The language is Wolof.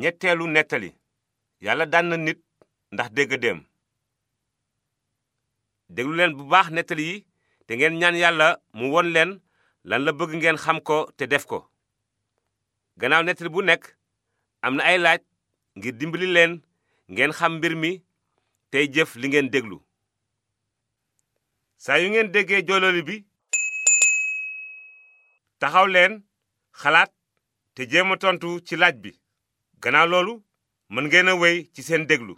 ñetteelu nettali yàlla daan na nit ndax déggadeem déglu leen bu baax nettali yi te ngeen ñaan yàlla mu won leen lan la bëgg ngeen xam ko te def ko gannaaw nettali bu nekk am na ay laaj ngir dimbali leen ngeen xam mbir mi tey jëf li ngeen déglu saa yu ngeen déggee joololi bi taxaw leen xalaat te jéem a tontu ci laaj bi gannaaw loolu mën ngeen a wéy ci seen déglu